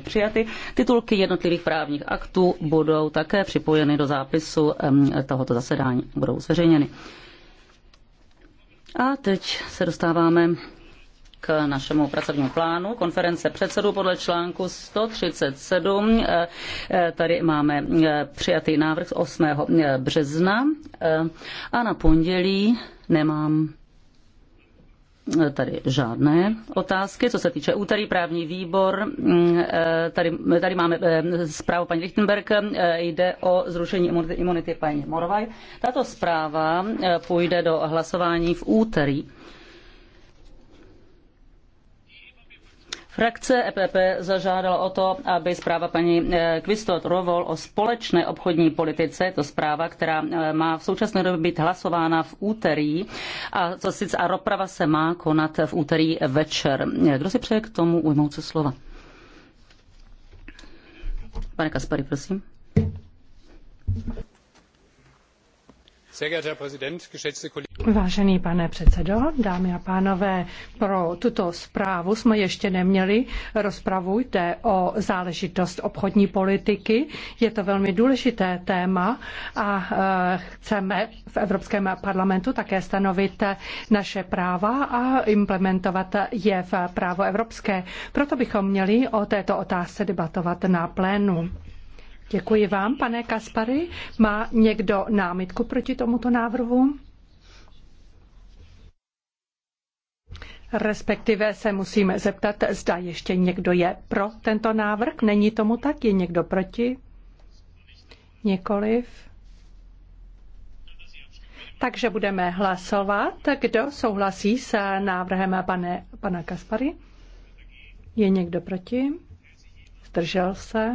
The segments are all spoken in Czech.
přijaty. Titulky jednotlivých právních aktů budou také připojeny do zápisu tohoto zasedání, budou zveřejněny. A teď se dostáváme k našemu pracovnímu plánu. Konference předsedů podle článku 137. E, e, tady máme e, přijatý návrh z 8. března a na pondělí nemám tady žádné otázky. Co se týče úterý právní výbor, mm, eh, tady, tady máme eh, zprávu paní Lichtenberg, eh, jde o zrušení imunity paní Morvaj. Tato zpráva půjde do hlasování v úterý. Frakce EPP zažádala o to, aby zpráva paní Kvistot eh, Rovol o společné obchodní politice, je to zpráva, která eh, má v současné době být hlasována v úterý, a, to sice, a roprava se má konat v úterý večer. Eh, kdo si přeje k tomu ujmout se slova? Pane Kaspary, prosím. Sehr geehrter Herr Präsident, geschätzte Kollegen! Vážený pane předsedo, dámy a pánové, pro tuto zprávu jsme ještě neměli rozpravu. Jde o záležitost obchodní politiky. Je to velmi důležité téma a eh, chceme v Evropském parlamentu také stanovit naše práva a implementovat je v právo evropské. Proto bychom měli o této otázce debatovat na plénu. Děkuji vám, pane Kaspary. Má někdo námitku proti tomuto návrhu? respektive se musíme zeptat, zda ještě někdo je pro tento návrh. Není tomu tak? Je někdo proti? Nikoliv. Takže budeme hlasovat. Kdo souhlasí s návrhem pane, pana Kaspary? Je někdo proti? Zdržel se?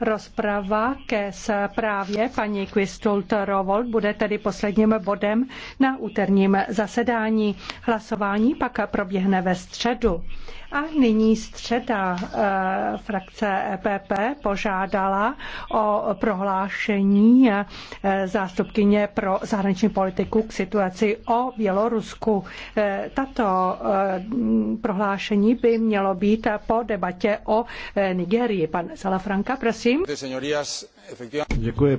Rozprava ke zprávě paní Quistult Rovold bude tedy posledním bodem na úterním zasedání. Hlasování pak proběhne ve středu. A nyní středa eh, frakce EPP požádala o prohlášení eh, zástupkyně pro zahraniční politiku k situaci o Bělorusku. Eh, tato prohlášení by mělo být po debatě o Nigerii. Pan Salafranka, prosím prosím.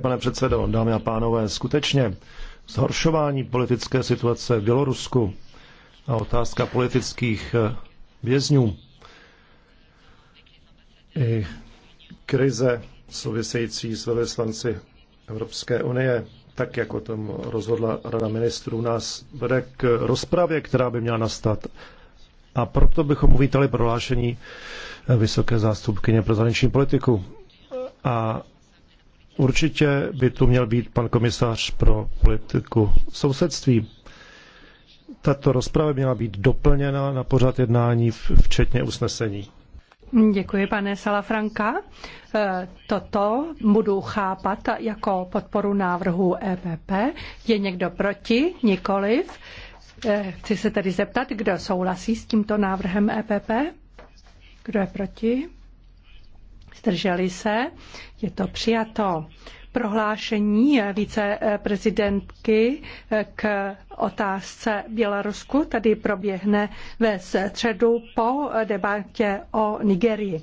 pane předsedo, dámy a pánové. Skutečně zhoršování politické situace v Bělorusku a otázka politických eh, vězňů i krize související s velvyslanci Evropské unie, tak jako tom rozhodla Rada ministrů, nás vede k rozpravě, která by měla nastat. A proto bychom uvítali prohlášení eh, vysoké zástupkyně pro zahraniční politiku. A určitě by tu měl být pan komisař pro politiku sousedství. Tato rozprava měla být doplněna na pořad jednání, včetně usnesení. Děkuji, pane Salafranka. E, toto budu chápat jako podporu návrhu EPP. Je někdo proti? Nikoliv. E, chci se tedy zeptat, kdo souhlasí s tímto návrhem EPP? Kdo je proti? zdrželi se, je to přijato. Prohlášení viceprezidentky k otázce Bělorusku tady proběhne ve středu po debatě o Nigerii.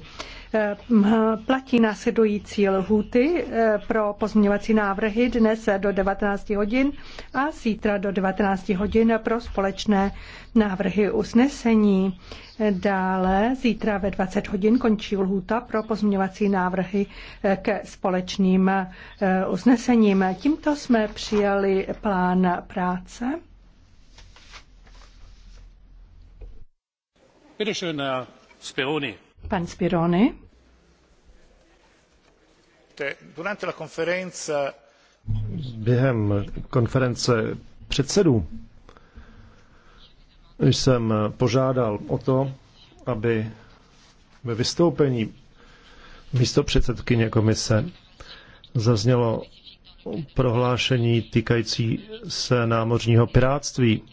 Ehm, platí následující lhuty ehm, pro pozměňovací návrhy dnes do 19 hodin a zítra do 19 hodin pro společné návrhy usnesení. Dále zítra ve 20 hodin končí lhůta pro pozměňovací návrhy ehm, ke společným usnesením. Tímto jsme přijali plán práce. Pan Spironi. Během konference předsedů jsem požádal o to, aby ve vystoupení místo předsedkyně komise zaznělo prohlášení týkající se námořního piráctví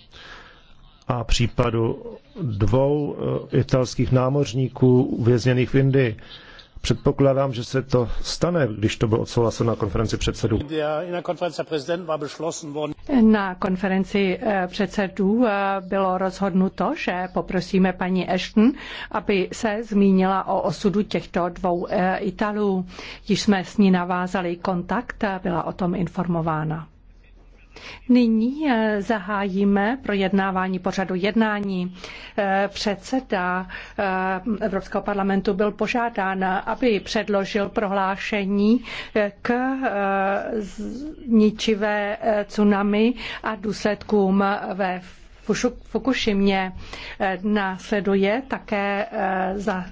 a případu dvou eh, italských námořníků uvězněných v Indii. Předpokládám, že se to stane, když to bylo odsouhlaseno na konferenci předsedů. Na konferenci eh, předsedů eh, bylo rozhodnuto, že poprosíme paní Ashton, aby se zmínila o osudu těchto dvou Italů. Již jsme s ní navázali kontakt byla o tom informována. Nyní eh, zahájíme projednávání pořadu jednání. Eh, předseda eh, Evropského parlamentu byl požádán, aby předložil prohlášení k ničivé tsunami a důsledkům ve Fukušimě. Následuje také za